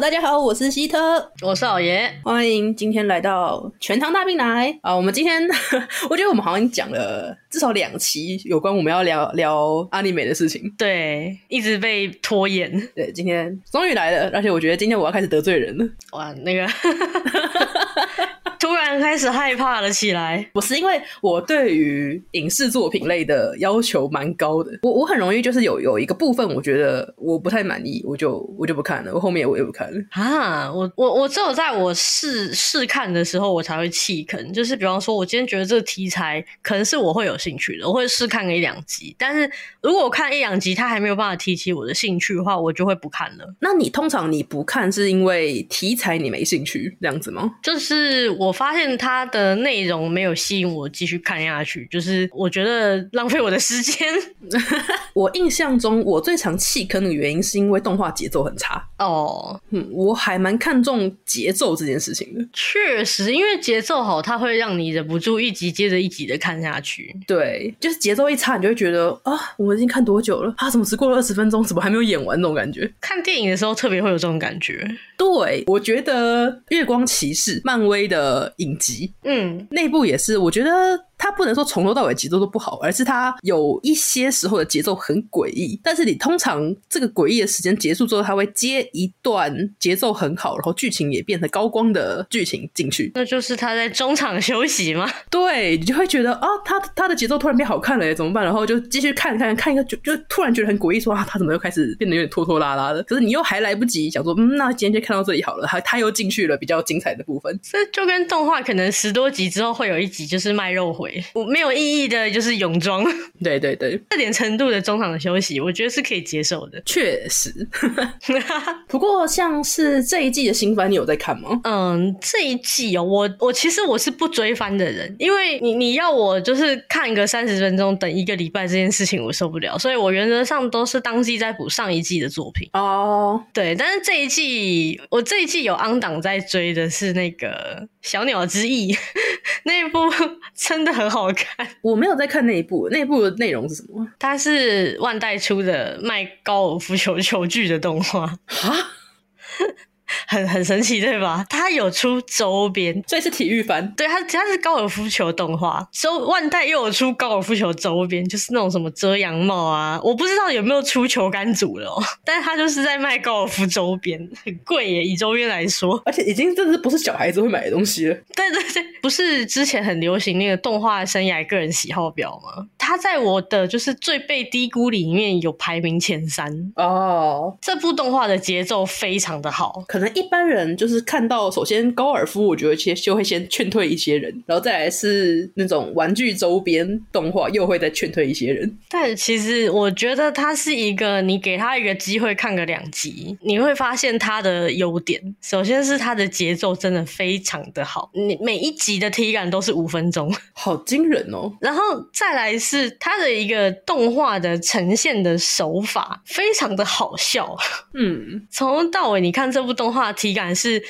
大家好，我是玄太，我是老爺，歡迎今天來到全糖大冰奶啊！我們今天我覺得我們好像講了至少兩期有關我們要聊聊阿尼美的事情，對，一直被拖延，對，今天終於來了，而且我覺得今天我要開始得罪人了，哇，那個。哈哈哈。突然開始害怕了起來。我是因為我對於影視作品類的要求蠻高的，我我很容易就是有有一個部分我覺得我不太滿意，我就我就不看了。我後面我也不看了啊！我我我只有在我試試看的時候，我才會棄坑。就是比方說，我今天覺得這個題材可能是我會有興趣的，我會試看個一兩集。但是如果我看一兩集，它還沒有辦法提起我的興趣的話，我就會不看了。那你通常你不看是因為題材你沒興趣這樣子嗎？就是我。我發現它的內容沒有吸引我繼續看下去，就是我覺得浪費我的時間。 我印象中我最常棄坑的原因是因為動畫節奏很差哦。Oh. 嗯，我還蠻看重節奏這件事情的。確實，因為節奏好，它會讓你忍不住一集接着一集的看下去。對，就是節奏一差，你就會覺得啊，我已經看多久了？啊，怎麼只過了二十分鐘，怎麼還沒有演完？那種感覺。看電影的時候特別會有這種感覺。對，我覺得《月光騎士》漫威的。呃，影集，嗯，內部也是，我覺得。他不能說從頭到尾節奏都不好，而是他有一些時候的節奏很詭異。但是你通常這個詭異的時間結束之後，他會接一段節奏很好，然後劇情也變成高光的劇情進去。那就是他在中場休息嗎？對，你就會覺得啊，他他的節奏突然變好看了，怎麼辦？然後就繼續看看看一個就就突然覺得很詭異，說啊，他怎麼又開始變得有點拖拖拉拉的？可是你又還來不及想說，嗯，那今天就看到這裡好了。他他又進去了比較精彩的部分。所以就跟動畫可能十多集之後會有一集就是賣肉回。我沒有意義的，就是泳裝。 對對對，這點程度的中場的休息，我覺得是可以接受的。確確實， 不過像是這一季的新番，你有在看嗎？嗯，這一季哦，我我其實我是不追番的人，因為你你要我就是看一個三十分鐘，等一個禮拜這件事情，我受不了。所以我原則上都是當季再補上一季的作品。哦，oh. 對，但是這一季我這一季有 on 檔在追的是那個。小鳥之翼那一部真的很好看。我沒有在看那一部。那一部內容是什麼？它是萬代出的賣高爾夫球球具的動畫。蛤 很很神奇對吧？他有出周邊，所以是體育番。對，他他是高爾夫球動畫，周萬代又有出高爾夫球周邊，就是那種什麼遮陽帽啊，我不知道有沒有出球桿組了喔。但是他就是在賣高爾夫周邊，很貴耶，以周邊來說，而且已經這是不是小孩子會買的東西了？對對對，不是之前很流行那個動畫生涯個人喜好表嗎？他在我的就是最被低估裡面有排名前三哦。Oh. 這部動畫的節奏非常的好。可能一般人就是看到，首先高爾夫，我覺得其實就會先勸退一些人，然後再來是那種玩具周邊動畫，又會再勸退一些人。但其實我覺得它是一個，你給他一個機會看個兩集，你會發現它的優點。首先是它的節奏真的非常的好，你每一集的體感都是五分鐘，好驚人哦。然後再來是它的一個動畫的呈現的手法非常的好笑。嗯，從頭到尾你看這部動。話題感是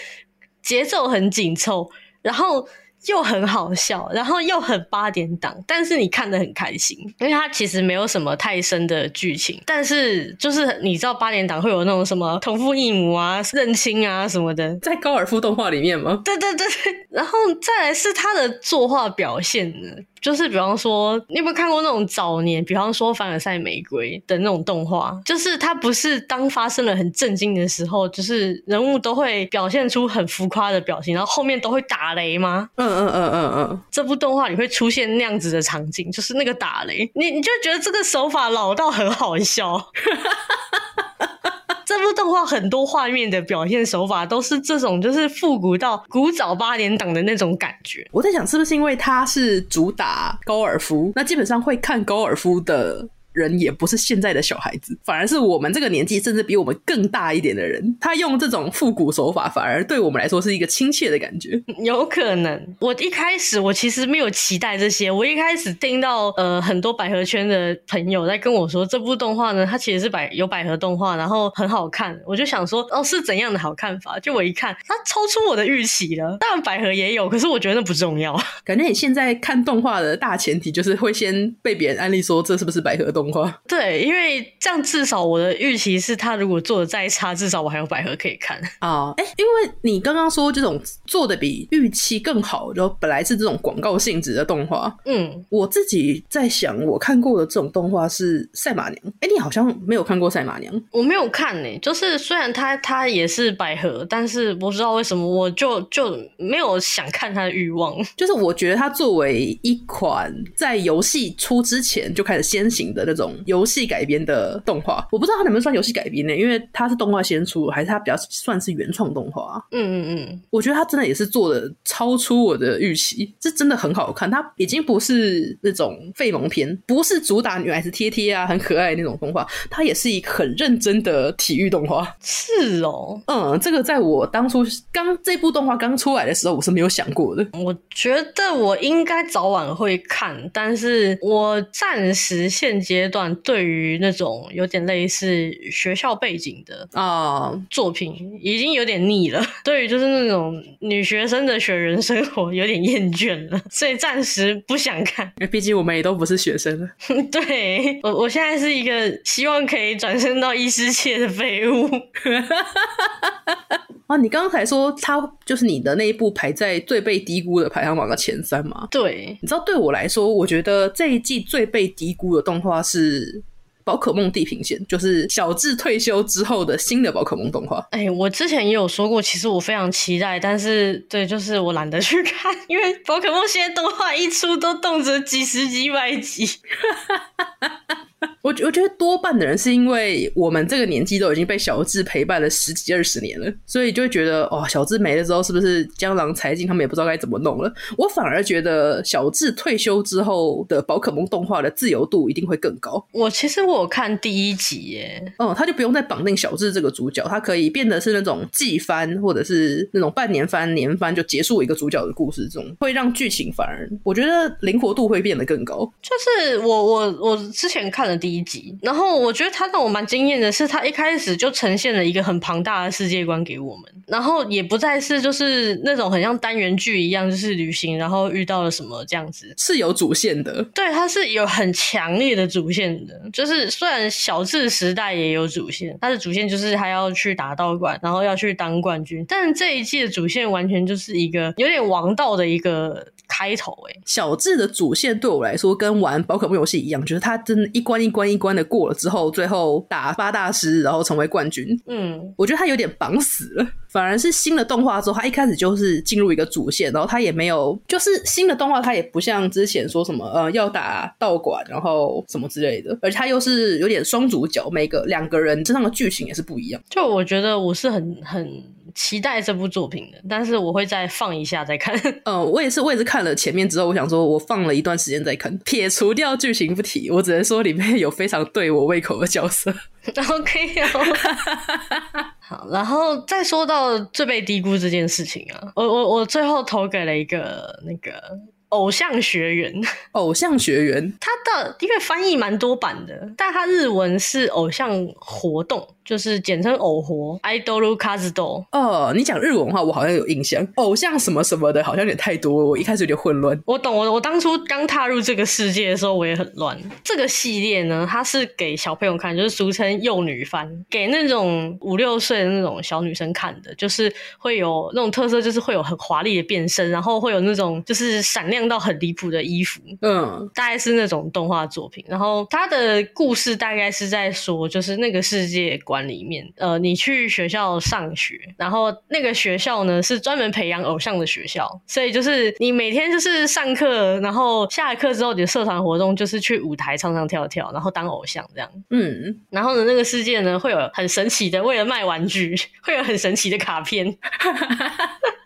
節奏很緊湊，然後，又很好笑，然後又很八點檔，但是你看得很開心，因為它其實沒有什麼太深的劇情，但是就是你知道八點檔會有那種什麼同父異母啊、認親啊什麼的，在高爾夫動畫裡面嗎？對對對對，然後再來是他的作畫表現呢，就是比方說你有沒有看過那種早年，比方說凡爾賽玫瑰的那種動畫，就是他不是當發生了很震驚的時候，就是人物都會表現出很浮誇的表情，然後後面都會打雷嗎？嗯。嗯嗯嗯嗯，uh, uh, uh, uh. 這部動畫裡會出現那樣子的場景，就是那個打雷，你你就覺得這個手法老到很好笑。 這部動畫很多畫面的表現手法都是這種，就是復古到古早八點檔的那種感覺。我在想，是不是因為它是主打高爾夫，那基本上會看高爾夫的。人也不是現在的小孩子，反而是我們這個年紀，甚至比我們更大一點的人，他用這種復古手法，反而對我們來說是一個親切的感覺。有可能，我一開始我其實沒有期待這些，我一開始聽到呃很多百合圈的朋友在跟我說這部動畫呢，它其實是百有百合動畫，然後很好看，我就想說哦，是怎樣的好看法？就我一看，他超出我的預期了。當然百合也有，可是我覺得那不重要。感覺你現在看動畫的大前提就是會先被別人安利說這是不是百合動。對，因為這樣至少我的預期是他如果做得再差，至少我還有百合可以看啊。哎、uh, 欸，因為你剛剛說這種做得比預期更好，就本來是這種廣告性質的動畫。嗯，我自己在想，我看過的這種動畫是《賽馬娘》欸。哎，你好像沒有看過《賽馬娘》，我沒有看呢、欸。就是雖然它它也是百合，但是不知道為什麼我就就沒有想看它的欲望。就是我覺得它作為一款在遊戲出之前就開始先行的那。種遊戲改編的動畫，我不知道它能不能算遊戲改編呢，因為它是動畫先出，還是它比較算是原創動畫？嗯嗯嗯，我覺得它真的也是做的超出我的預期，這真的很好看。它已經不是那種廢萌片，不是主打女孩子貼貼啊很可愛的那種動畫，它也是一個很認真的體育動畫。嗯。是哦，嗯，這個在我當初剛這部動畫剛出來的時候，我是沒有想過的。我覺得我應該早晚會看，但是我暫時現階段。階段對於那種有點類似學校背景的啊作品已經有點膩了，對於就是那種女學生的學園生活有點厭倦了，所以暫時不想看，欸。畢竟我們也都不是學生了 對我，我現在是一個希望可以轉身到異世界的廢物。 啊，你剛才說他就是你的那一部排在最被低估的排行榜的前三嘛？對，你知道對我來說，我覺得這一季最被低估的動畫是。是寶可夢地平線，就是小智退休之後的新的寶可夢動畫。哎、欸，我之前也有說過，其實我非常期待，但是對，就是我懶得去看，因為寶可夢現在動畫一出都動輒幾十幾百集。 我我覺得多半的人是因為我們這個年紀都已經被小智陪伴了十幾二十年了，所以就會覺得哦，小智沒了之後，是不是江郎才盡？他們也不知道該怎麼弄了。我反而覺得小智退休之後的寶可夢動畫的自由度一定會更高。我其實我看第一集，誒，哦，他就不用再綁定小智這個主角，它可以變得是那種季番或者是那種半年番、年番，就結束一個主角的故事中，這種會讓劇情反而我覺得靈活度會變得更高。就是我我我之前看了第一集。一集，然後我覺得他讓我蠻驚豔的是，他一開始就呈現了一個很龐大的世界觀給我們，然後也不再是就是那種很像單元劇一樣，就是旅行，然後遇到了什麼這樣子，是有主線的，對，它是有很強烈的主線的，就是雖然小智時代也有主線，他的主線就是他要去打道館，然後要去當冠軍，但這一季的主線完全就是一個有點王道的一個。開頭哎、欸，小智的主線對我來說跟玩寶可夢遊戲一樣，就是他真的一關一關一關的過了之後，最後打八大師，然後成為冠軍。嗯，我覺得他有點綁死了。反而是新的動畫之後，他一開始就是進入一個主線，然後他也沒有，就是新的動畫他也不像之前說什麼呃要打道館，然後什麼之類的，而他又是有點雙主角，每個兩個人身上的劇情也是不一樣。就我覺得我是很很。期待這部作品的，但是我會再放一下再看。嗯、呃，我也是，我也是看了前面之後，我想說，我放了一段時間再看。撇除掉劇情不提，我只能說裡面有非常對我胃口的角色。然後可以，好，然後再說到最被低估這件事情啊，我我我最後投給了一個那個。偶像學員，偶像學員，他的因為翻譯蠻多版的，但他日文是偶像活動，就是簡稱偶活 （idolu k a z u o 哦，你講日文的話，我好像有印象。偶像什麼什麼的，好像有點太多，我一開始有點混亂。我懂，我我當初剛踏入這個世界的時候，我也很亂。這個系列呢，它是給小朋友看，就是俗稱幼女番，給那種五六歲的那種小女生看的，就是會有那種特色，就是會有很華麗的變身，然後會有那種就是閃亮，亮到很離譜的衣服，嗯，大概是那種動畫作品。然後他的故事大概是在說，就是那個世界觀裡面，呃，你去學校上學，然後那個學校呢是專門培養偶像的學校，所以就是你每天就是上課，然後下了課之後你的社團活動就是去舞台唱唱跳跳，然後當偶像這樣。嗯，然後呢，那個世界呢會有很神奇的，為了賣玩具會有很神奇的卡片。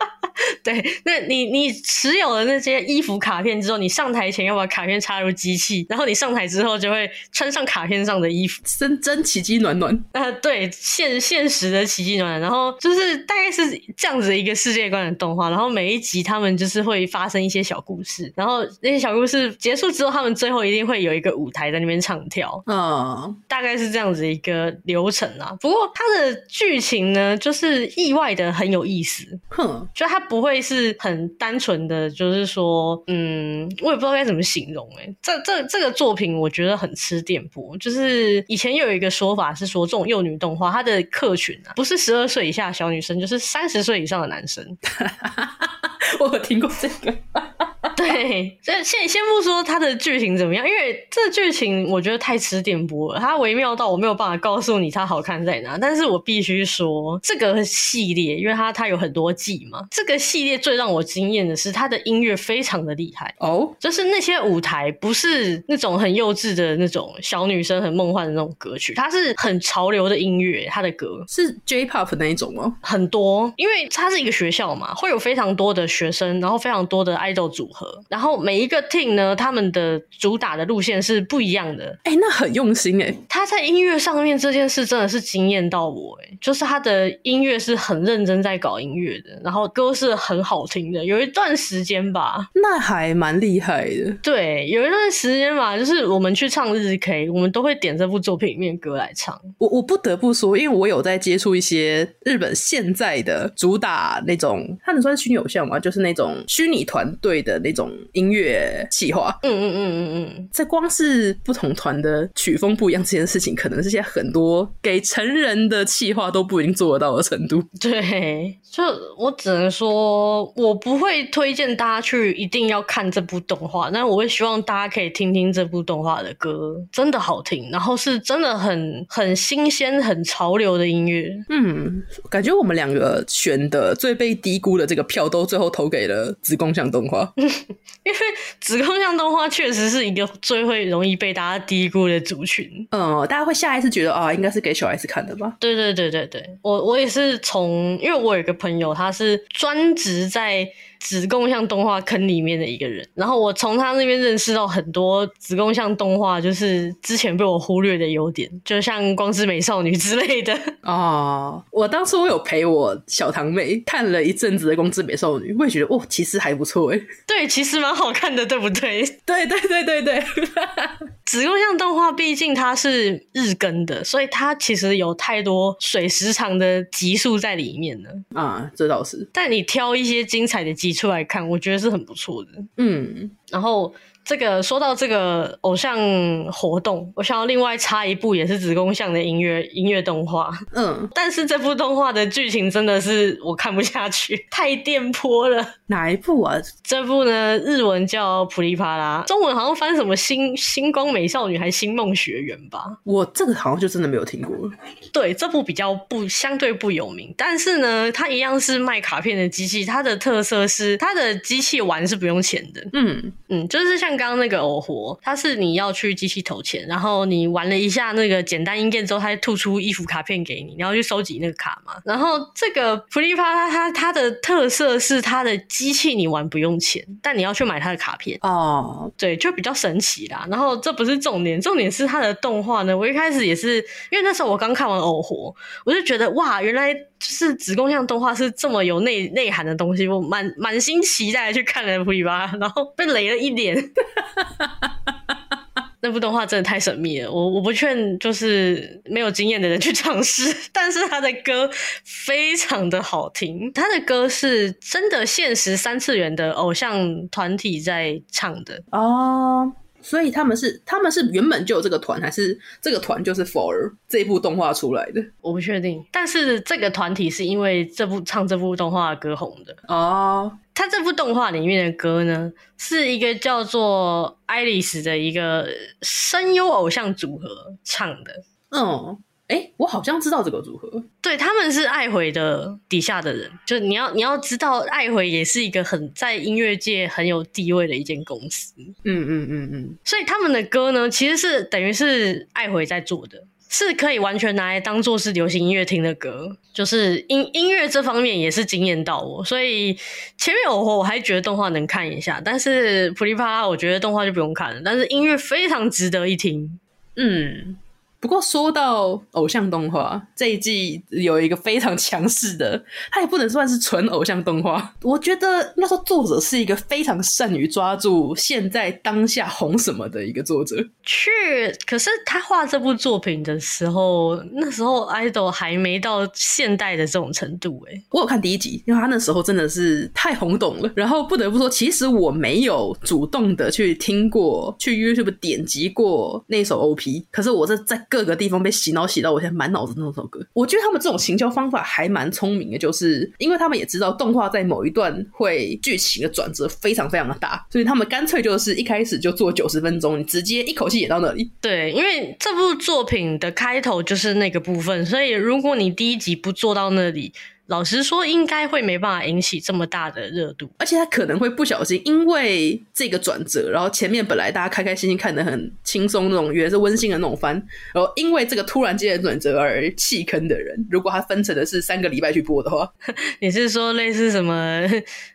對，那你你持有了那些衣服卡片之後，你上台前要把卡片插入機器，然後你上台之後就會穿上卡片上的衣服，真真奇蹟暖暖啊、呃！對，現現實的奇蹟暖暖，然後就是大概是這樣子的一個世界觀的動畫，然後每一集他們就是會發生一些小故事，然後那些小故事結束之後，他們最後一定會有一個舞台在那邊唱跳，嗯、哦，大概是這樣子一個流程啊。不過它的劇情呢，就是意外的很有意思，哼，就它。不會是很單純的就是說，嗯，我也不知道該怎麼形容誒、欸、這這這個作品我覺得很吃電波，就是以前有一個說法是說，這種幼女動畫它的客群啊，不是十二歲以下的小女生，就是三十歲以上的男生。 我有聽過這個。 對，oh. 所以先先不說它的劇情怎麼樣，因為這劇情我覺得太吃電波了，它微妙到我沒有辦法告訴你它好看在哪。但是我必須說，這個系列，因為它它有很多季嘛，這個系列最讓我驚豔的是它的音樂非常的厲害哦，oh. 就是那些舞台不是那種很幼稚的那種小女生很夢幻的那種歌曲，它是很潮流的音樂，它的歌是 J-Pop 那一種嗎？很多，因為它是一個學校嘛，會有非常多的學生，然後非常多的 idol 組合。然後每一個 team 呢，他們的主打的路線是不一樣的。哎、欸，那很用心哎、欸！他在音樂上面這件事真的是驚豔到我哎、欸！就是他的音樂是很認真在搞音樂的，然後歌是很好聽的。有一段時間吧，那還蠻厲害的。對，有一段時間嘛，就是我們去唱日 K，我們都會點這部作品裡面歌來唱。我我不得不說，因為我有在接觸一些日本現在的主打那種，他能算是虛擬偶像嗎？就是那種虛擬團隊的那種。一種音樂企劃、嗯，嗯嗯嗯嗯嗯，這光是不同團的曲風不一樣這件事情，可能是現在很多給成人的企劃都不一定做得到的程度。對，就我只能說我不會推薦大家去一定要看這部動畫，但我會希望大家可以聽聽這部動畫的歌，真的好聽，然後是真的很很新鮮、很潮流的音樂。嗯，感覺我們兩個選的最被低估的這個票，都最後投給了子供向動畫。 因為子供向動畫確實是一個最會容易被大家低估的族群，嗯，大家會下意識覺得啊、哦，應該是給小孩子看的吧？對對對對對，我我也是從，因為我有一個朋友，他是專職在。子供向動畫坑裡面的一個人，然後我從他那邊認識到很多子供向動畫，就是之前被我忽略的優點，就像《光之美少女》之類的。哦，uh, 我當時我有陪我小堂妹看了一陣子的《光之美少女》，我也覺得哦，其實還不錯哎。對，其實蠻好看的，對不對？ 對，對對對對對。 子供向動畫畢竟它是日更的，所以它其實有太多水時長的集數在裡面呢。啊，uh, 這倒是。但你挑一些精彩的集。出來看，我覺得是很不錯的。嗯，然後這個說到這個偶像活動，我想要另外插一部也是子供向的音樂音樂動畫。嗯，但是這部動畫的劇情真的是我看不下去，太電波了。哪一部啊？這部呢？日文叫《普利帕拉》，中文好像翻什麼新《星星光美少女》還是《星夢學園》吧？我這個好像就真的沒有聽過。對，這部比較不，相對不有名，但是呢，它一樣是賣卡片的機器。它的特色是，它的機器玩是不用錢的。嗯嗯，就是像剛剛那個偶活，它是你要去機器投錢，然後你玩了一下那個簡單音鍵之後，它會吐出一幅卡片給你，你要去收集那個卡嘛。然後這個普利帕拉，它它的特色是它的。機器你玩不用錢，但你要去買他的卡片哦。Oh, 對，就比較神奇啦。然後這不是重點，重點是他的動畫呢。我一開始也是因為那時候我剛看完《偶活》，我就覺得哇，原來就是子宮像動畫是這麼有內內涵的東西，我滿滿心期待去看《fv 吧》，然後被雷了一臉。 那部動畫真的太神秘了，我我不勸就是沒有經驗的人去嘗試，但是他的歌非常的好聽，他的歌是真的現實三次元的偶像團體在唱的哦，oh, 所以他們是他們是原本就有這個團，還是這個團就是 for 這部動畫出來的？我不確定，但是這個團體是因為這部唱這部動畫的歌紅的哦。Oh. 他這部動畫裡面的歌呢，是一個叫做愛麗絲的一個聲優偶像組合唱的。哦，哎、欸，我好像知道這個組合。對，他們是愛回的底下的人。嗯、就你要你要知道，愛回也是一個很在音樂界很有地位的一間公司。嗯嗯嗯嗯。所以他們的歌呢，其實是等於是愛回在做的。是可以完全拿來當做是流行音樂聽的歌，就是音音樂這方面也是驚艷到我。所以前面我我還覺得動畫能看一下，但是《普利帕拉》我覺得動畫就不用看了，但是音樂非常值得一聽，嗯。不過說到偶像動畫這一季有一個非常強勢的，他也不能算是純偶像動畫。我覺得那時候作者是一個非常善於抓住現在當下紅什麼的一個作者。去，可是他畫這部作品的時候，那時候 idol 還沒到現代的這種程度。誒，我有看第一集，因為他那時候真的是太紅懂了。然後不得不說，其實我沒有主動的去聽過，去 YouTube 點擊過那首 OP。可是我是在。各個地方被洗腦洗到，我現在滿腦子那首歌。我覺得他們這種行銷方法還蠻聰明的，就是因為他們也知道動畫在某一段會劇情的轉折非常非常的大，所以他們乾脆就是一開始就做九十分鐘，你直接一口氣演到那裡。對，因為這部作品的開頭就是那個部分，所以如果你第一集不做到那裡。老實說，應該會沒辦法引起這麼大的熱度，而且他可能會不小心，因為這個轉折，然後前面本來大家開開心心看得很輕鬆那種，也是溫馨的那種番，然後因為這個突然間的轉折而棄坑的人，如果他分成的是三個禮拜去播的話，你是說類似什麼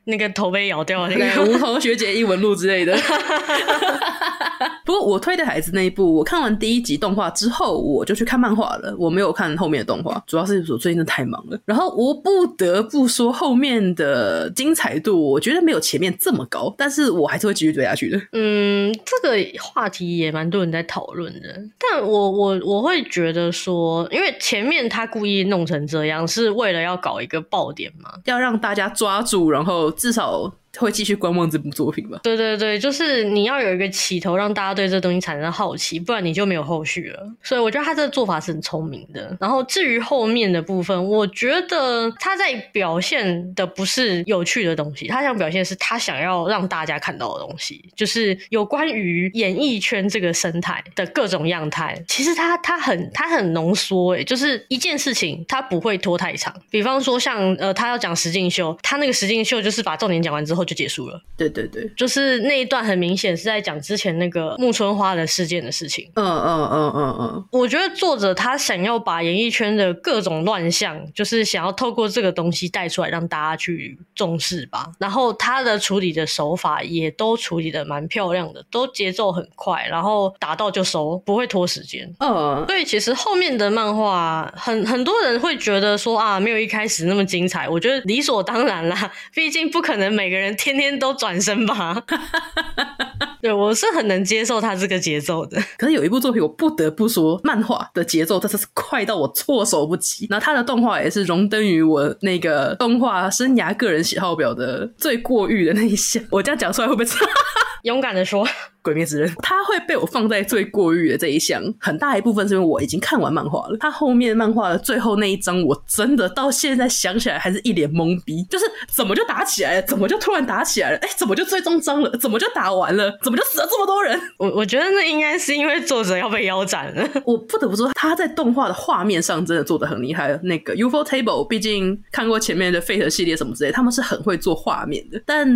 那個頭被咬掉了，無頭學姐異聞錄之類的？ 不過我推的孩子那一部，我看完第一集動畫之後，我就去看漫畫了，我沒有看後面的動畫，主要是我最近真的太忙了，然後我。不得不說，後面的精彩度我覺得沒有前面這麼高，但是我還是會繼續追下去的。嗯，這個話題也蠻多人在討論的，但我我我會覺得說，因為前面他故意弄成這樣，是為了要搞一個爆點嘛，要讓大家抓住，然後至少。會繼續觀望這部作品吧。對對對，就是你要有一個起頭，讓大家對這東西產生好奇，不然你就沒有後續了。所以我覺得他這個做法是很聰明的。然後至於後面的部分，我覺得他在表現的不是有趣的東西，他想表現的是他想要讓大家看到的東西，就是有關於演藝圈這個生態的各種樣態。其實他他很他很濃縮，誒，就是一件事情，他不會拖太長。比方說像呃，他要講實境秀，他那個實境秀就是把重點講完之後。就結束了。對對對，就是那一段很明顯是在講之前那個木村花的事件的事情。嗯嗯嗯嗯嗯，我覺得作者他想要把演藝圈的各種亂象，就是想要透過這個東西帶出來，讓大家去重視吧。然後他的處理的手法也都處理得蠻漂亮的，都節奏很快，然後打到就收，不會拖時間。嗯，所以其實後面的漫畫很很多人會覺得說啊，沒有一開始那麼精彩。我覺得理所當然啦，畢竟不可能每個人。天天都轉身吧， 對，我是很能接受他這個節奏的。可是有一部作品，我不得不說，漫畫的節奏，真的是快到我措手不及。然後他的動畫也是榮登於我那個動畫生涯個人喜好表的最過譽的那一項。我這樣講出來會不會是？ 勇敢的說，《鬼滅之刃》它會被我放在最過譽的這一項，很大一部分是因為我已經看完漫畫了。它後面漫畫的最後那一章，我真的到現在想起來還是一臉懵逼，就是怎麼就打起來了？怎麼就突然打起來了？哎、欸，怎麼就最終章了？怎麼就打完了？怎麼就死了這麼多人？我我覺得那應該是因為作者要被腰斬了。我不得不說，他在動畫的畫面上真的做的很厲害了。那個 UFO Table，畢竟看過前面的 Fate 系列什麼之類，他們是很會做畫面的。但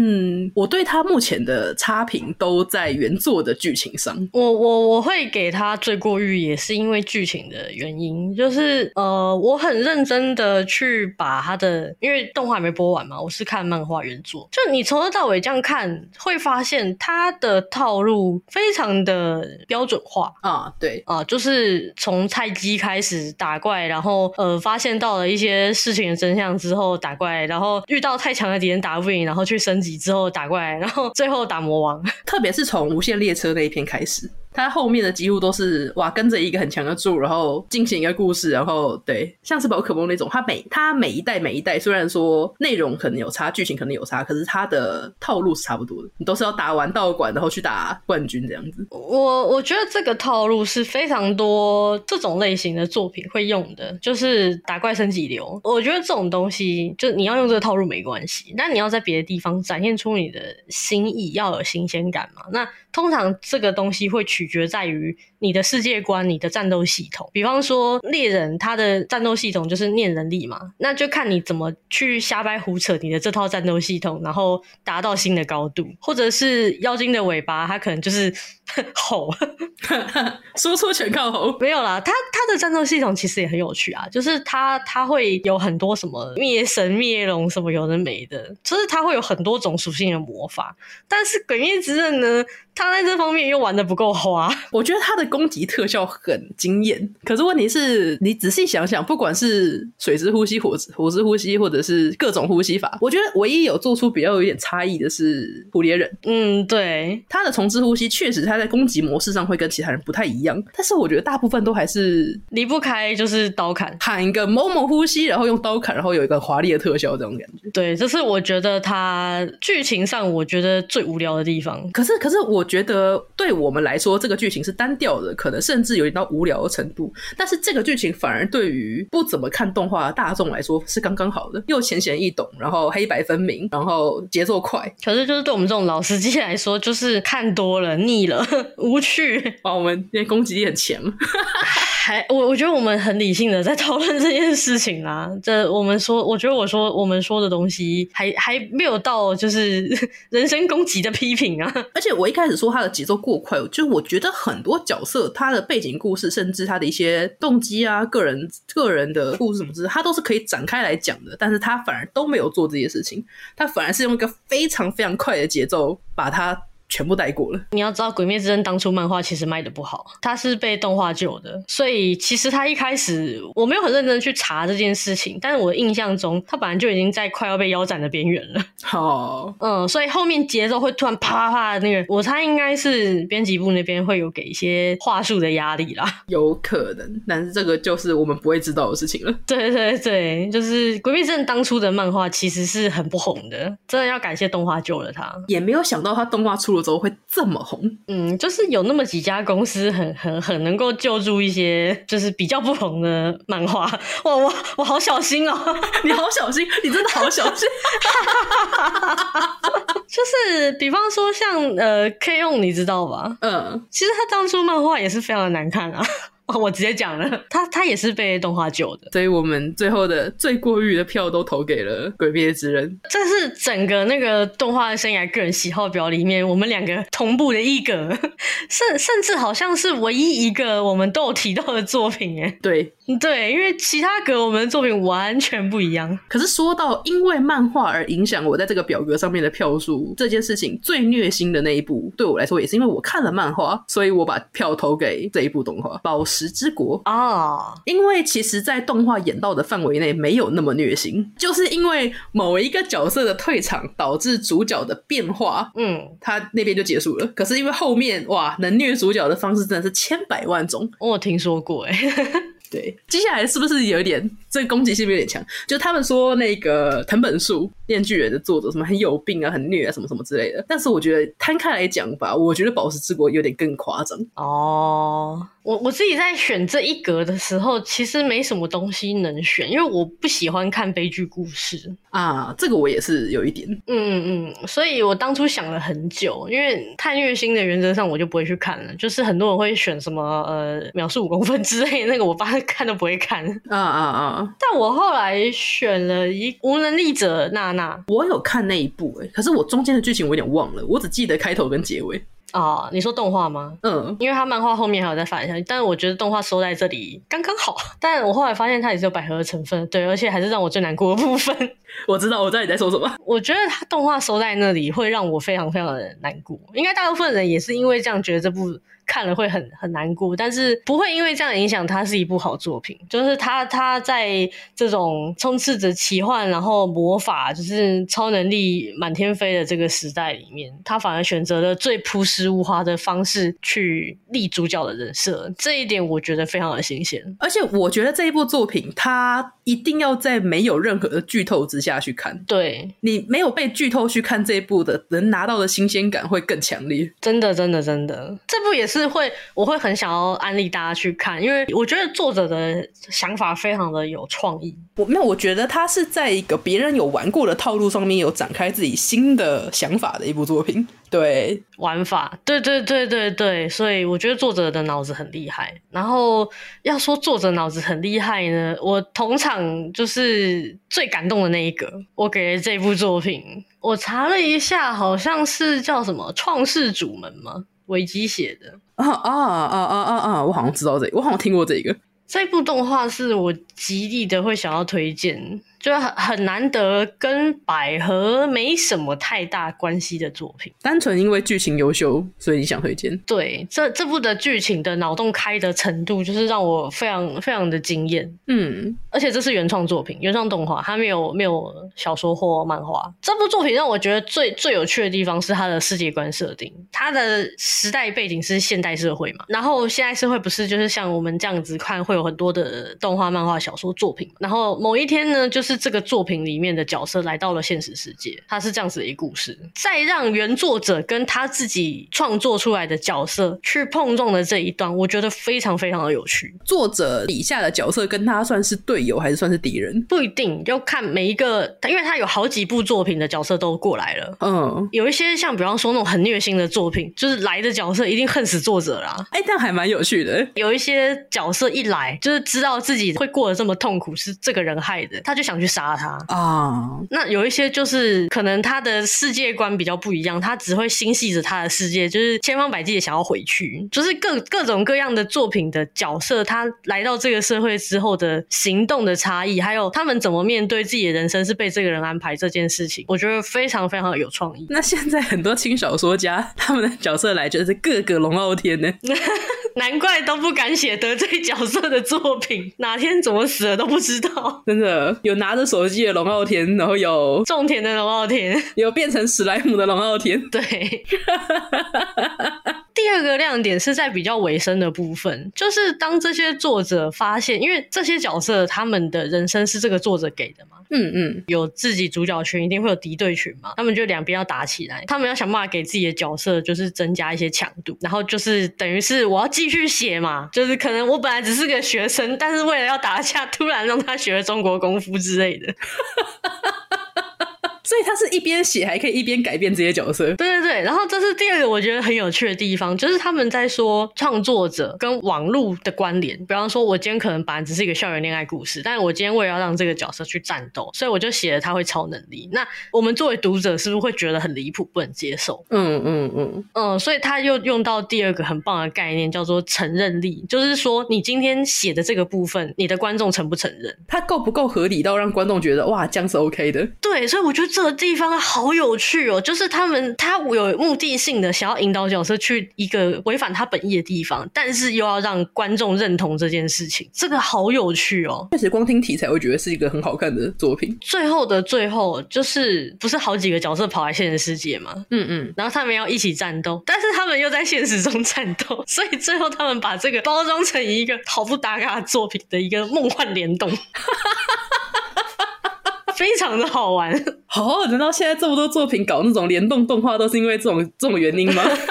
我對他目前的差評，都在原作的劇情上，我我我會給他最過譽，也是因為劇情的原因，就是呃，我很認真的去把他的，因為動畫還沒播完嘛，我是看漫畫原作，就你從頭到尾這樣看，會發現他的套路非常的標準化啊，對啊，呃，就是從菜雞開始打怪，然後呃發現到了一些事情的真相之後打怪，然後遇到太強的敵人打不贏，然後去升級之後打怪，然後最後打魔王。特別是從《無限列車》那一篇開始。它後面的幾乎都是哇，跟着一個很強的柱，然後進行一個故事，然後對，像是寶可夢那種，它每它每一代每一代雖然說內容可能有差，劇情可能有差，可是它的套路是差不多的，你都是要打完道館，然後去打冠軍這樣子。我我覺得這個套路是非常多這種類型的作品會用的，就是打怪升級流。我覺得這種東西，就你要用這個套路沒關係，但你要在別的地方展現出你的新意，要有新鮮感嘛。那。通常這個東西會取決在於。你的世界觀，你的戰鬥系統，比方說獵人，他的戰鬥系統就是念能力嘛，那就看你怎麼去瞎掰胡扯你的這套戰鬥系統，然後達到新的高度，或者是妖精的尾巴，他可能就是吼， 輸出全靠吼，沒有啦，他他的戰鬥系統其實也很有趣啊，就是他他會有很多什麼滅神滅龍什麼有的沒的，就是他會有很多種屬性的魔法，但是鬼滅之刃呢，他在這方面又玩得不夠花， 我覺得他的。攻擊特效很驚艷，可是問題是你仔細想想，不管是水之呼吸、火之火之呼吸，或者是各種呼吸法，我覺得唯一有做出比較有一點差異的是蝴蝶忍。嗯，對，他的蟲之呼吸確實他在攻擊模式上會跟其他人不太一樣，但是我覺得大部分都還是離不開就是刀砍，喊一個某某呼吸，然後用刀砍，然後有一個華麗的特效這種感覺。對，這，就是我覺得他劇情上我覺得最無聊的地方。可是可是我覺得對我們來說這個劇情是單調的。可能甚至有點到無聊的程度，但是這個劇情反而對於不怎麼看動畫的大眾來說是剛剛好的，又淺顯易懂，然後黑白分明，然後節奏快。可是就是對我們這種老司機來說，就是看多了膩了，無趣。啊，我們那攻擊力很強。還，我我覺得我們很理性的在討論這件事情啊。這我們說，我覺得我說我們說的東西還還沒有到就是人身攻擊的批評啊。而且我一開始說他的節奏過快，就是我覺得很多角色。他的背景故事，甚至他的一些動機啊、個人、個人的故事什麼之，他都是可以展開來講的。但是他反而都沒有做這些事情，他反而是用一個非常非常快的節奏把它。全部帶過了。你要知道，《鬼滅之刃》當初漫畫其實賣的不好，它是被動畫救的。所以其實它一開始我沒有很認真去查這件事情，但是我的印象中它本來就已經在快要被腰斬的邊緣了。哦，oh. 嗯，所以後面節奏會突然啪啪啪的那個，我猜應該是編輯部那邊會有給一些話術的壓力啦。有可能，但是這個就是我們不會知道的事情了。對對對，就是《鬼滅之刃》當初的漫畫其實是很不紅的，真的要感謝動畫救了他，也沒有想到他動畫出了。會這麼紅？嗯，就是有那麼幾家公司很、很很很，能夠救助一些，就是比較不紅的漫畫。哇，我我我好小心哦、喔！ 你好小心，你真的好小心。 就是比方說像，像呃，K-On 你知道吧？嗯，其實他當初漫畫也是非常的難看啊。我直接講了，他他也是被動畫救的，所以我們最後的最過譽的票都投給了《鬼滅之刃》，這是整個那個動畫生涯個人喜好表裡面，我們兩個同步的一個，甚甚至好像是唯一一個我們都有提到的作品，誒，對。對，因為其他格我們的作品完全不一樣。可是說到因為漫畫而影響我在這個表格上面的票數這件事情，最虐心的那一部，對我來說也是因為我看了漫畫，所以我把票投給這一部動畫《寶石之國》啊。Oh. 因為其實，在動畫演到的範圍內沒有那麼虐心，就是因為某一個角色的退場導致主角的變化，嗯，他那邊就結束了。可是因為後面哇，能虐主角的方式真的是千百萬種。我聽說過、欸，誒 對，接下來是不是有點這個、攻擊性有點強？就他們說那個藤本樹《電鋸人》的作者什麼很有病啊、很虐啊什麼什麼之類的。但是我覺得攤開來講吧，我覺得《寶石之國》有點更誇張哦。Oh. 我我自己在選這一格的時候，其實沒什麼東西能選，因為我不喜歡看悲劇故事啊。這個我也是有一點，嗯嗯嗯。所以我當初想了很久，因為探月星的原則上我就不會去看了，就是很多人會選什麼呃秒速五公分之類的那個，我反正看都不會看。啊啊啊！但我後來選了一無能力者娜娜，我有看那一部哎、欸，可是我中間的劇情我有點忘了，我只記得開頭跟結尾。啊、哦，你說動畫嗎？嗯，因為他漫畫後面還有再發展下去，但是我覺得動畫收在這裡剛剛好。但我後來發現它也是有百合的成分，對，而且還是讓我最難過的部分。我知道，我知道你在說什麼。我覺得它動畫收在那裡會讓我非常非常的難過，應該大部分人也是因為這樣覺得這部。看了會很很難過，但是不會因為這樣影響他是一部好作品。就是他他在這種充斥着奇幻然後魔法就是超能力滿天飛的這個時代裡面，他反而選擇了最樸實無華的方式去立主角的人設，這一點我覺得非常的新鮮。而且我覺得這一部作品，它一定要在沒有任何的劇透之下去看。對，你沒有被劇透去看這一部的，能拿到的新鮮感會更強烈。真的，真的，真的，這部也是。是會，我會很想要安利大家去看，因為我覺得作者的想法非常的有創意。我沒有，我覺得他是在一個別人有玩過的套路上面有展開自己新的想法的一部作品。對，玩法，對對對對對，所以我覺得作者的腦子很厲害。然後要說作者腦子很厲害呢，我通常就是最感動的那一個。我給這部作品，我查了一下，好像是叫什麼《創世主們》嗎？危機寫的啊啊啊啊啊啊！我好像知道這，我好像聽過這個。這部動畫是我極力的會想要推薦。就是很很難得跟百合沒什麼太大關係的作品，單純因為劇情優秀，所以你想推薦？對，這這部的劇情的腦洞開的程度，就是讓我非常非常的驚艷。嗯，而且這是原創作品，原創動畫，它沒有沒有小說或漫畫。這部作品讓我覺得最最有趣的地方是它的世界觀設定，它的時代背景是現代社會嘛。然後現代社會不是就是像我們這樣子看，會有很多的動畫、漫畫、小說作品。然後某一天呢，就是。是這個作品裡面的角色來到了現實世界，它是這樣子的一個故事。再讓原作者跟他自己創作出來的角色去碰撞的這一段，我覺得非常非常的有趣。作者底下的角色跟他算是隊友還是算是敵人？不一定要看每一個，因為他有好幾部作品的角色都過來了。嗯，有一些像比方說那種很虐心的作品，就是來的角色一定恨死作者啦。哎、欸，但還蠻有趣的。有一些角色一來就是知道自己會過得這麼痛苦，是這個人害的，他就想。去殺他啊！Oh. 那有一些就是可能他的世界觀比較不一樣，他只會心繫着他的世界，就是千方百計的想要回去，就是各各種各樣的作品的角色，他來到這個社會之後的行動的差異，還有他們怎麼面對自己的人生是被這個人安排這件事情，我覺得非常非常有創意。那現在很多輕小說家他們的角色來就是各個龍傲天呢。 難怪都不敢寫得罪角色的作品，哪天怎麼死的都不知道。真的有拿着手機的龍傲天，然後有種田的龍傲天，有變成史萊姆的龍傲天。對， 第二個亮點是在比較尾聲的部分，就是當這些作者發現，因為這些角色他們的人生是這個作者給的嘛，嗯嗯，有自己主角群，一定會有敵對群嘛，他們就兩邊要打起來，他們要想辦法給自己的角色就是增加一些強度，然後就是等於是我要。繼續寫嘛，就是可能我本來只是個學生，但是為了要打架，突然讓他學了中國功夫之類的。 所以他是一邊寫還可以一邊改變這些角色，對對對。然後這是第二個我覺得很有趣的地方，就是他們在說創作者跟網絡的關聯。比方說，我今天可能本來只是一個校園戀愛故事，但我今天為了要讓這個角色去戰鬥，所以我就寫了他會超能力。那我們作為讀者是不是會覺得很離譜、不能接受？嗯嗯嗯嗯。所以他又用到第二個很棒的概念，叫做承認力，就是說你今天寫的這個部分，你的觀眾承不承認？他夠不夠合理到讓觀眾覺得哇，這樣是 OK 的？對，所以我覺得這。這個地方好有趣哦，就是他們他有目的性的想要引導角色去一個違反他本意的地方，但是又要讓觀眾認同這件事情，這個好有趣哦。確實光聽題材，會覺得是一個很好看的作品。最後的最後，就是不是好幾個角色跑來現實世界嗎？嗯嗯，然後他們要一起戰鬥，但是他們又在現實中戰鬥，所以最後他們把這個包裝成一個毫不搭嘎作品的一個夢幻聯動。 非常的好玩，好、哦，難道現在這麼多作品搞那種聯動動畫，都是因為這種這種原因嗎？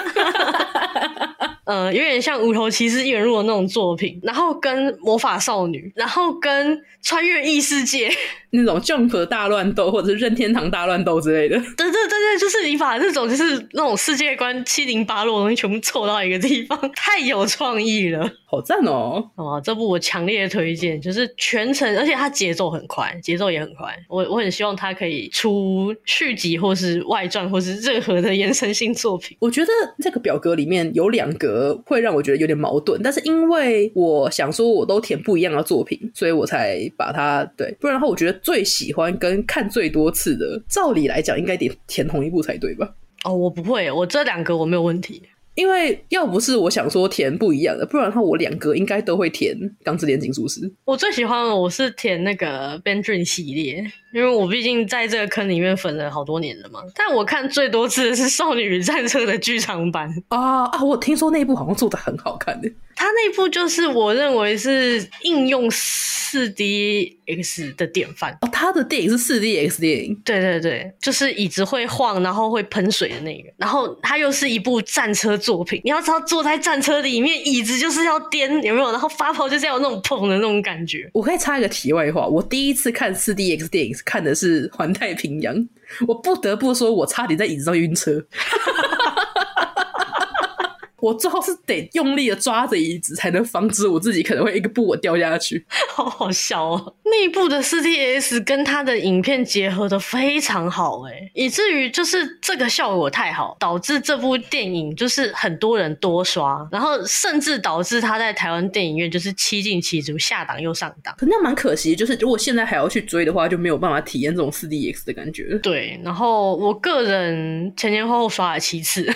呃，有點像《無頭騎士異聞錄》的那種作品，然後跟《魔法少女》，然後跟《穿越異世界》那種《江河大亂鬥》或者《任天堂大亂鬥》之類的。 對對對對，就是你把那種就是那種世界觀七零八落的東西全部湊到一個地方，太有創意了，好讚、喔、哦！啊，這部我強烈的推薦，就是全程，而且它節奏很快，節奏也很快。我我很希望它可以出續集，或是外傳，或是任何的延伸性作品。我覺得這個表格裡面有兩個。會讓我覺得有點矛盾，但是因為我想說我都填不一樣的作品，所以我才把它對。不然的話，我覺得最喜歡跟看最多次的，照理來講應該得填同一部才對吧？哦，我不會，我這兩個我沒有問題。因為要不是我想說填不一樣的，不然的話，我兩個應該都會填鋼連《鋼之鍊金術師》。我最喜歡的我是填那個《Benji》系列，因為我畢竟在這個坑裡面粉了好多年了嘛。但我看最多次的是《少女戰車》的劇場版啊、哦、啊！我聽說那部好像做的很好看的。他那一部就是我認為是應用 4DX 的典範哦，他的電影是 4DX 電影，對對對，就是椅子會晃，然後會噴水的那個，然後他又是一部戰車作品。你要知道，坐在戰車裡面，椅子就是要顛，有沒有？然後發炮就是要有那種砰的那種感覺。我可以插一個題外話，我第一次看 4DX 電影看的是《環太平洋》，我不得不說，我差點在椅子上暈車。 我最後是得用力的抓着椅子，才能防止我自己可能會一個不穩掉下去。好好笑哦！那一部的 4DX 跟他的影片結合的非常好，哎，以至於就是這個效果太好，導致這部電影就是很多人多刷，然後甚至導致他在台灣電影院就是七進七出，下檔又上檔。可那蠻可惜，就是如果現在還要去追的話，就沒有辦法體驗這種 4DX 的感覺。對，然後我個人前前後後刷了七次。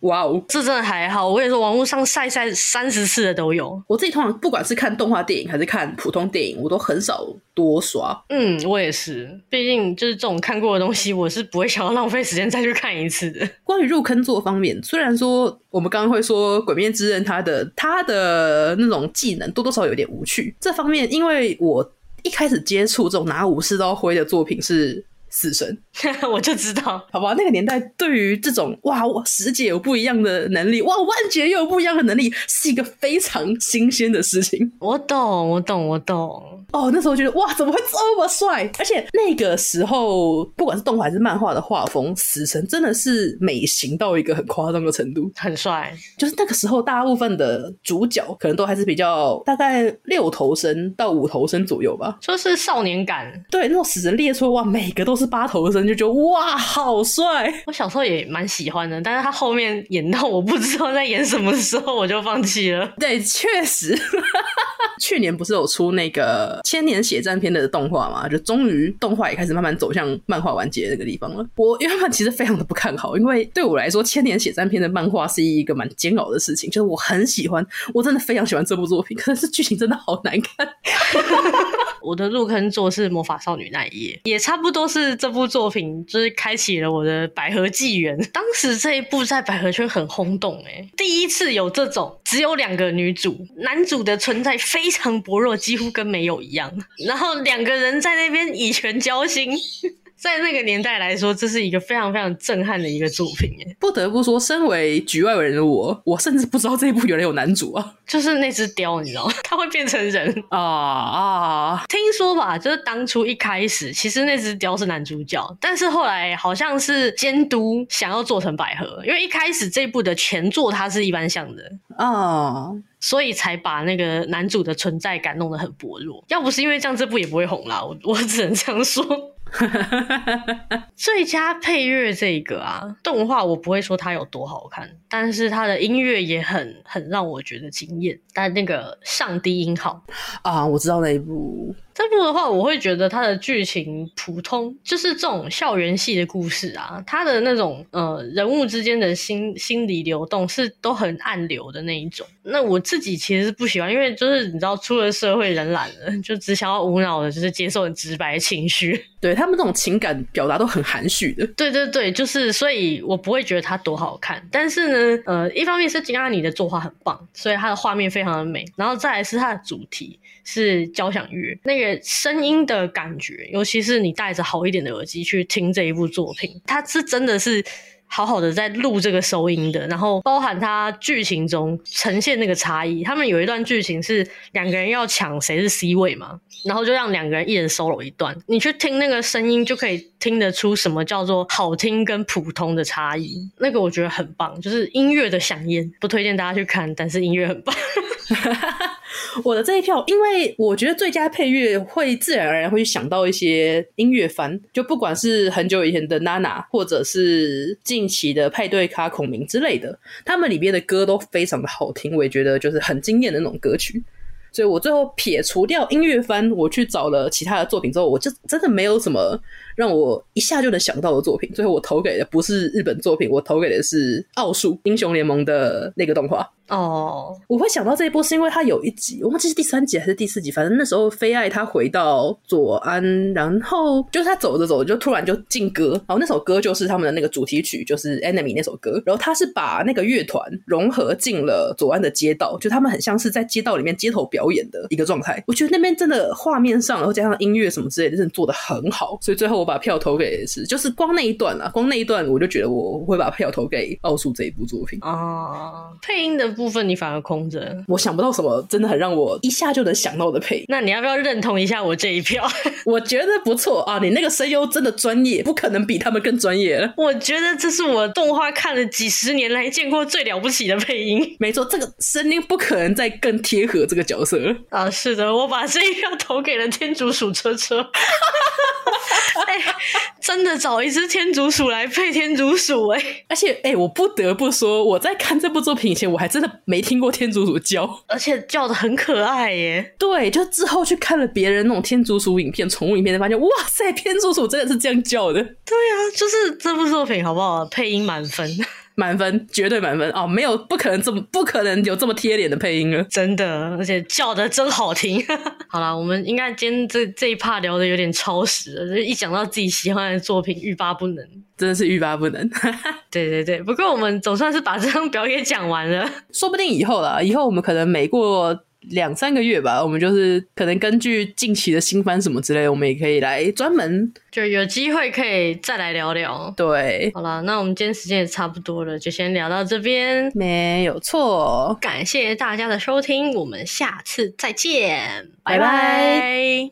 哇 哦 Wow，這真的還好。好，我跟你說，網絡上曬曬三十次的都有。我自己通常不管是看動畫電影還是看普通電影，我都很少多刷。嗯，我也是，畢竟就是這種看過的東西，我是不會想要浪費時間再去看一次的。關於入坑作方面，雖然說我們剛剛會說《鬼滅之刃》，他的他的那種技能多多少少有點無趣。這方面，因為我一開始接觸這種拿武士刀揮的作品是。死神， 我就知道，好不好？那個年代對於這種哇，哇，始解有不一樣的能力，哇，卍解又有不一樣的能力，是一個非常新鮮的事情。我懂，我懂，我懂。哦，那時候覺得哇，怎麼會這麼帥？而且那個時候，不管是動畫還是漫畫的畫風，死神真的是美型到一個很誇張的程度，很帥。就是那個時候，大部分的主角可能都還是比較大概六頭身到五頭身左右吧。就是少年感，對，那種死神列出哇，每個都，是八頭身就覺得哇好帥，我小時候也蠻喜歡的，但是他後面演到我不知道在演什麼時候，我就放棄了。 對，確確實， 去年不是有出那個《千年血戰篇》的動畫嘛？就終於動畫也開始慢慢走向漫畫完結的那個地方了。我原本其實非常的不看好，因為對我來說，《千年血戰篇》的漫畫是一個蠻煎熬的事情。就是我很喜歡，我真的非常喜歡這部作品，可是劇情真的好難看。 我的入坑作是《魔法少女奈葉》，也差不多是這部作品，就是開啟了我的百合紀元。當時這一部在百合圈很轟動，欸，第一次有這種只有兩個女主，男主的存在非常薄弱，幾乎跟沒有一樣。然後兩個人在那邊以拳交心。在那個年代來說，這是一個非常非常震撼的一個作品。不得不說，身為局外人的我，我甚至不知道這一部原來有男主啊，就是那只鵰，你知道嗎？他會變成人啊啊！Uh, uh, 聽說吧，就是當初一開始，其實那只鵰是男主角，但是後來好像是監督想要做成百合，因為一開始這部的前作他是一般像的，啊，uh, 所以才把那個男主的存在感弄得很薄弱。要不是因為這樣，這部也不會紅啦。我我只能這樣說。 最佳配樂這個啊，動畫我不會說它有多好看，但是它的音樂也很很讓我覺得驚艷。但那個上低音號。啊，我知道那一部。這部的話，我會覺得它的劇情普通，就是這種校園系的故事啊。它的那種呃人物之間的心心理流動是都很暗流的那一種。那我自己其實是不喜歡，因為就是你知道，出了社會人懶了，就只想要無腦的，就是接受很直白情緒。對，他們這種情感表達都很含蓄的。 對對對，就是所以，我不會覺得它多好看。但是呢，呃，一方面是金阿尼的作畫很棒，所以他的畫面非常的美。然後再來是他的主題是交響樂那個。聲音的感覺，尤其是你戴着好一點的耳機去聽這一部作品，它是真的是好好的在錄這個收音的，然後包含它劇情中呈現那個差異。他們有一段劇情是兩個人要搶誰是 C 位嘛，然後就讓兩個人一人 Solo 一段，你去聽那個聲音就可以聽得出什麼叫做好聽跟普通的差異。那個我覺得很棒，就是音樂的饗宴，不推薦大家去看，但是音樂很棒。哈哈哈， 我的這一票，因為我覺得最佳配樂會自然而然會想到一些音樂番，就不管是很久以前的娜娜，或者是近期的派對咖孔明之類的，他們裡邊的歌都非常的好聽，我也覺得就是很驚豔的那種歌曲。所以我最後撇除掉音樂番，我去找了其他的作品之後，我就真的沒有什麼讓我一下就能想到的作品。最後我投給的不是日本作品，我投給的是奧術英雄聯盟的那個動畫。哦，oh. 我會想到這一波是因為他有一集，我忘記是第三集還是第四集，反正那時候飛愛他回到左安，然後就是他走着走着就突然就進歌，然後那首歌就是他們的那個主題曲，就是 Enemy 那首歌，然後他是把那個樂團融合進了左安的街道，就他們很像是在街道裡面街頭表演的一個狀態。我覺得那邊真的畫面上，然後加上音樂什麼之類的，真的做得很好，所以最後我把票投給是，就是光那一段啦、啊，光那一段我就覺得我會把票投給奧術這一部作品哦。Oh. 配音的。部分你反而空着，我想不到什麼真的很讓我一下就能想到的配音。那你要不要認同一下我這一票？ 我覺得不錯啊，你那個聲優真的專業，不可能比他們更專業。我覺得這是我動畫看了幾十年來見過最了不起的配音。沒錯，這個聲音不可能再更貼合這個角色了。啊，是的，我把這一票投給了天竺鼠車車。哎、 欸，真的找一隻天竺鼠來配天竺鼠哎、欸，而且哎、欸，我不得不說，我在看這部作品以前，我還真的。沒聽過天竺鼠叫，而且叫得很可愛耶。對，就之後去看了別人那種天竺鼠影片、寵物影片，才發現哇塞，天竺鼠真的是這樣叫的。對啊，就是這部作品，好不好？配音滿分。滿分，絕對滿分哦！沒有，不可能這麼，不可能有這麼貼臉的配音了，真的，而且叫得真好聽。 好啦，我們應該今天這這一趴聊得有點超時了，就一講到自己喜歡的作品，欲罷不能，真的是欲罷不能。 對對對，不過我們總算是把這張表給講完了，說不定以後了，以後我們可能每過。兩三個月吧，我們就是可能根據近期的新番什麼之類，我們也可以來專門，就有機會可以再來聊聊。對，好了，那我們今天時間也差不多了，就先聊到這邊，沒有錯。感謝大家的收聽，我們下次再見，拜拜。拜拜。